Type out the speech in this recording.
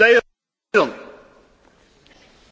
they